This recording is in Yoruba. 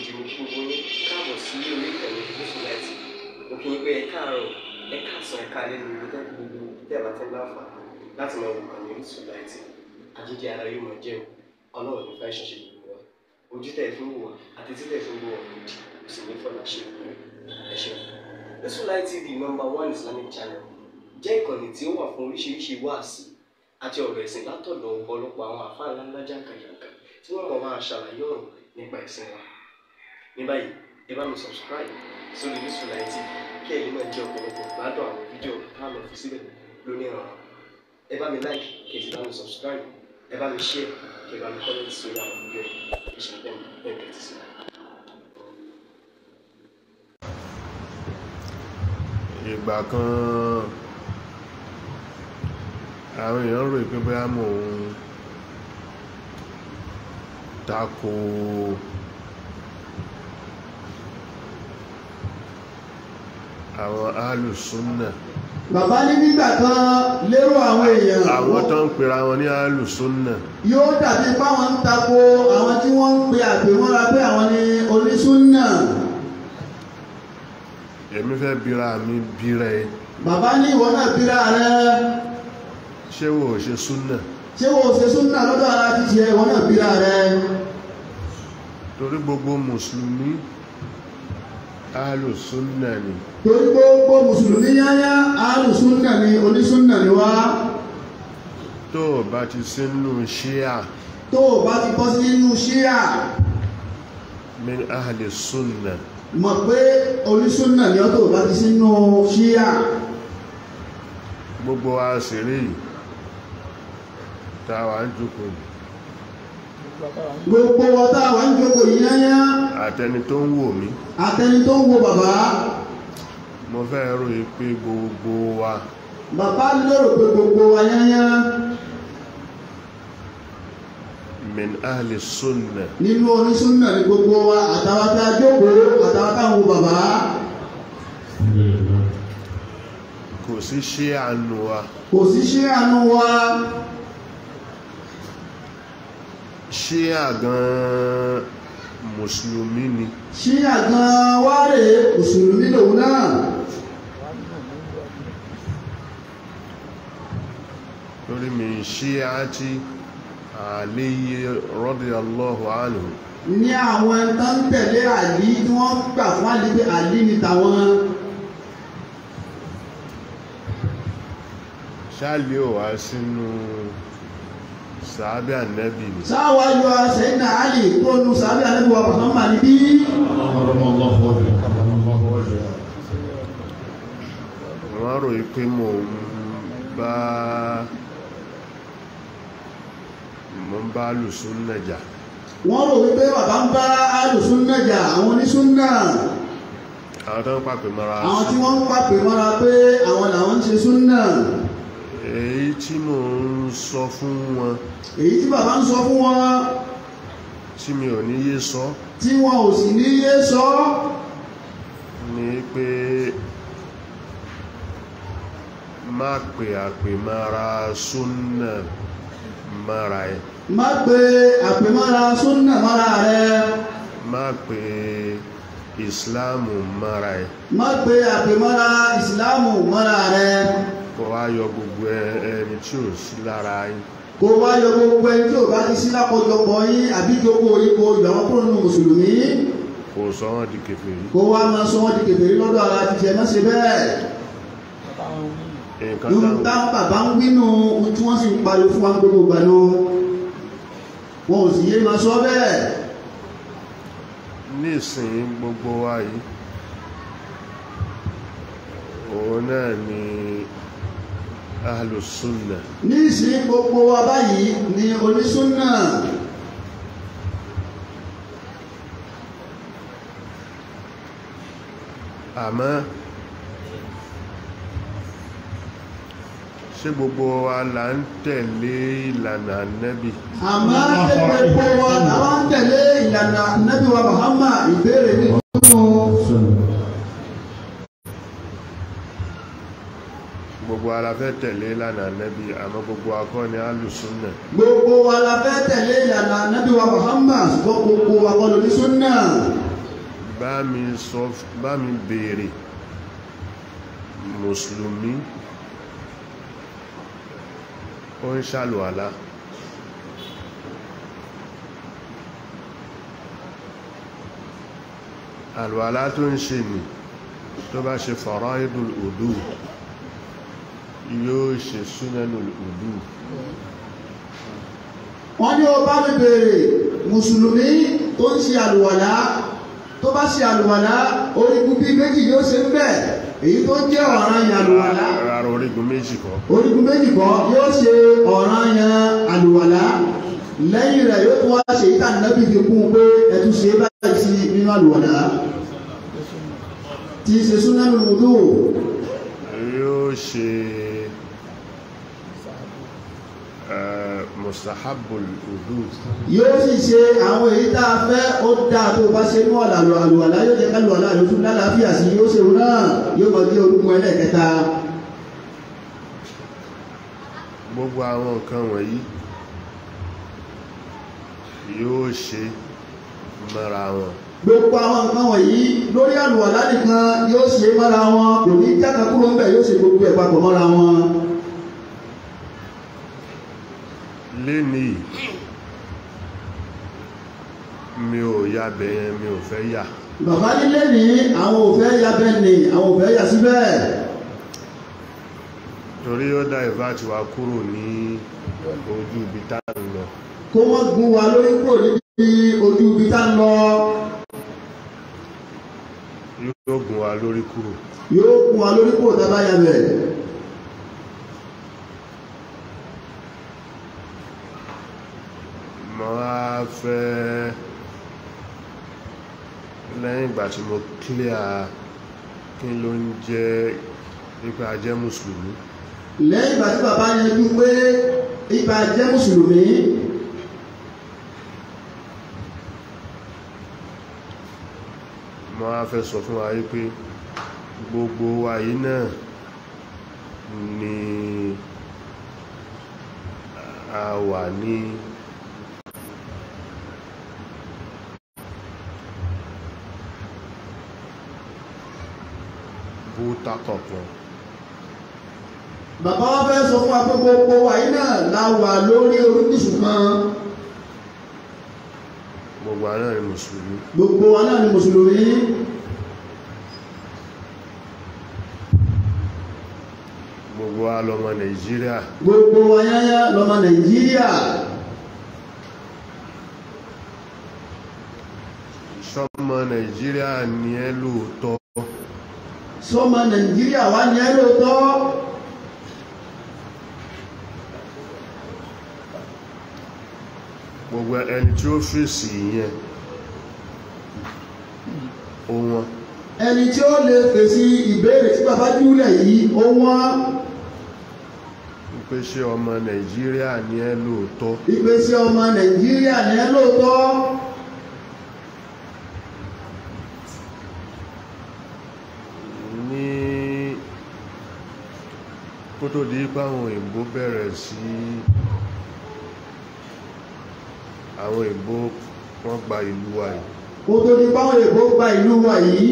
òjì mo kí gbogbo yín káàbọ̀ sí orí ìtẹ̀wé Gúúsù Láìtì mo kí yín pé ẹ káàárọ̀ ẹ káàsán ẹ káalẹ́ lórí ibi tẹ́lẹ̀ gbogbo tẹ́lẹ̀ bá tẹ́lẹ̀ láǹfà láti máa wò kàn ní Gúúsù Láìtì àjíjẹ ara yóò máa jẹun ọlọ́run nípa ìṣọ̀ṣe gbogbo wa ojú tẹ̀ fún wa àti títẹ̀ fún wa òdì kò ní fọlá ṣe ẹ ṣeun Gúúsù Láìtì the number one Islamic channel jẹ́ ìkànnì tí ó wà fún oríṣiríṣi wáàsí àti ọ̀rọ̀ ẹ̀sìn látọ̀dọ̀ ọ̀pọ̀lọpọ̀ àwọn àfáà ńláńlá jákàjàkà tí wọ́n mọ̀ máa ṣàlàyé ọ̀rọ̀ nípa ẹ̀sìn wa ní báyìí ẹ bá mi subscribe sórí Yusuf9 TV kí ẹ̀yin máa jẹ ọ̀pọ̀lọpọ̀ gbádùn àwọn fídíò tá a lọ fi síbẹ̀ lónìí ọ̀ràn ẹ bá mi like kí ẹ sì bá mi subscribe ẹ bá mi share kí ẹ bá mi comment sórí àwọn fídíò yìí ṣe bẹ́ẹ̀ bẹ́ẹ̀ bẹ́ẹ̀ ti sọ. ìgbà kan àwọn èèyàn rò pé bóyá mò ń tako. àwọn alùsúnnà bàbá ní nígbà kan lérò àwọn èèyàn àwọn tó ń pera wọn ní alùsúnnà yóò dàbí páwọn ń tako àwọn tí wọ́n ń pe àpèmọ́ra pé àwọn ni onísúnnà èmi fẹ́ bíra mi bíra ẹ bàbá ní ìwọ náà bíra rẹ ṣé wo ṣe súnnà ṣé wo ṣe súnnà lọ́dọ̀ ara ti ṣe ìwọ náà bíra rẹ torí gbogbo mùsùlùmí alùsúnnà ni torí gbogbo mùsùlùmí yányá alùsúnnà ni onísúnnà ni wá tó o bá ti sínú ṣíà tó o bá ti bọ́ sínú ṣíà min ahli súnnà mọ̀ pé onísúnnà ni ọ́ tó o bá ti sínú ṣíà gbogbo a sì rí tàwa ń jókòó gbogbo ọ̀tá wà ń jókòó yìí yányá àtẹni tó ń wò mí àtẹni tó ń wò bàbá mo fẹ́ rò pé gbogbo wa bàbá lérò pé gbogbo wa yányá min ahli sunna nínú oní sunna ni gbogbo wa àtàwọn jókòó àtàwọn wa kò sí wa. ṣíà gan-an mùsùlùmí ni. ṣíà gan-an wá rèé mùsùlùmí lòun náà. lórí mi ṣíà ti àléyé radiyallahu anhu. ní àwọn ẹni tó ń tẹ̀lé àlí tí wọ́n gbà fún àlí àlí ni tàwọn. ṣáà lè wá sínú sàábẹ́ ànẹ́bì ni. sáwà yọ sẹ́yìn àlè tó nu sàábẹ́ ànẹ́bì wa pàtó mà níbí. wọ́n ròyìn pé mò ń bá mò ń bá lùsùn nàjà. wọ́n rò wípé bàbá ń bá lùsùn nàjà àwọn onísùn náà. àwọn tí wọ́n ń pàpè mọ́ra pé àwọn làwọn ń ṣe sùn tí mò ń sọ fún wọn èyí tí bàbá ń sọ fún wọn tí mi ò ní yé sọ tí wọn ò sì ní yé sọ ni pé má pè àpè mara súnà mara ẹ má pè àpè mara súnà mara rẹ má pè ìsìláàmù mara ẹ má pè àpè mara mara rẹ kó wá yọ gbogbo ẹni tí ò sí lára yín kó wá yọ gbogbo ẹni tí ò bá ti sí lákọjọpọ̀ yín àbí jókòó yín kó yọ àwọn kúrò nínú mùsùlùmí kò sọ wọ́n di kèfèrí kó wá máa sọ wọ́n di kèfèrí lọ́dọ̀ ara ti jẹ má bẹ́ẹ̀ nǹkan bàbá ń gbínú tí wọ́n sì ń pariwo fún wa gbogbo ìgbà lọ wọn ò sì yé máa sọ bẹ́ẹ̀ nísìnyí gbogbo wa yìí òun náà ni alùsùnà. níṣì gbogbo wa báyìí ni onísùnà. àmọ́ ṣé gbogbo wa là ń tẹ̀lé ìlànà nẹ́bì. àmọ́ ṣé gbogbo wa là ń tẹ̀lé ìlànà nẹ́bì wa Muhammad ìbéèrè ní. gbogbo wa la fẹ́ tẹ̀lé ìlànà nẹ́bí àmọ́ gbogbo wa kọ́ ni alùsúnnà gbogbo wa fẹ́ tẹ̀lé ìlànà nẹ́bí wa Muhammad gbogbo wa kọ́ lóní súnnà bá mi sọ bá mi béèrè mùsùlùmí ó ń ṣàlùwàlá àlùwàlá tó ń ṣe nì tó bá ṣe faraidul wudu yóò ṣe súnánù òdú wọ́n ní ọba mi bèèrè mùsùlùmí tó ń ṣe àlùwàlá tó bá ṣe àlùwàlá orígun bíi méjì yóò ṣe ń bẹ̀ èyí tó ń jẹ́ ọ̀ranyàn àlùwàlá rárá orígun méjì kọ́ orígun méjì kọ́ yóò ṣe ọ̀ranyàn àlùwàlá lẹ́yìn rẹ̀ yóò tún wá ṣe yíta nẹ́bí fi kún un pé ẹtù ṣe báyìí sí nínú àlùwàlá tí ṣe súnánù wúdù yóò ṣe mustahabul udu. yóò sì ṣe àwọn èyí tá a fẹ́ ó dáa tó bá ṣe mú àlàlù àlùwàlá yóò jẹ́ kálù àlà yóò fún lálàáfíà sí yóò ṣe òun náà yóò mọ bí orúkọ ẹlẹ́ẹ̀kẹta. gbogbo àwọn nǹkan wọ̀nyí yóò ṣe mọ́ra wọn gbogbo àwọn nǹkan wọ̀nyí lórí àlùwàlá nìkan yóò ṣe é mọ́ra wọn kò ní jákà kúrò ń bẹ̀ yóò ṣe gbogbo ẹ̀ papọ̀ mọ́ra wọn. léni mi ò ya bẹ̀yẹn mi ò fẹ́ yà. bàbá ní léni àwọn ò fẹ́ ya bẹ́ẹ̀ ni àwọn ò fẹ́ yà síbẹ̀. torí ó dá ìfà tiwa kúrò ní ojú ibi tá a lọ. kó wọ́n gun wa lórí kúrò níbi ojú ibi tá a lọ yóò gùn wa lórí kúrò yóò gùn wa lórí kúrò tàbá ya bẹ̀rẹ̀ mo á fẹ́ lẹ́yìn ìgbà tí mo clear kí ló ń jẹ́ ipa jẹ́ mùsùlùmí lẹ́yìn ìgbà tí bàbá yẹn dúpẹ́ ipa jẹ́ mùsùlùmí àwọn afẹ́ sọ fún wa wípé gbogbo wa yìí náà ni a wà ní búta kọ̀ọ̀kan. bàbá wa fẹ́ sọ fún wa pé gbogbo wa yìí náà la wà lórí orúkúsùn kan gbogbo wa náà ni mùsùlùmí gbogbo wa náà ni mùsùlùmí gbogbo wa lọmọ nàìjíríà gbogbo wa lọmọ nàìjíríà sọmọ nàìjíríà ni ẹ lóòótọ́ sọmọ nàìjíríà wá ni ẹ lóòótọ́ gbogbo ẹni tí ó fèsì ìyẹn ó wọ́n. ẹni tí ó lè fèsì ìbéèrè tí bàbá júlẹ̀ yìí ó wọ́n. ìpèsè ọmọ nàìjíríà ni ẹ lóòótọ́. ìpèsè ọmọ nàìjíríà ni ẹ lóòótọ́. ní kó tó di pé àwọn òyìnbó bẹ̀rẹ̀ sí í àwọn èèbó wọ́n gba ìlú wa yìí. kò tó di báwọn èèbó gba ìlú wa yìí.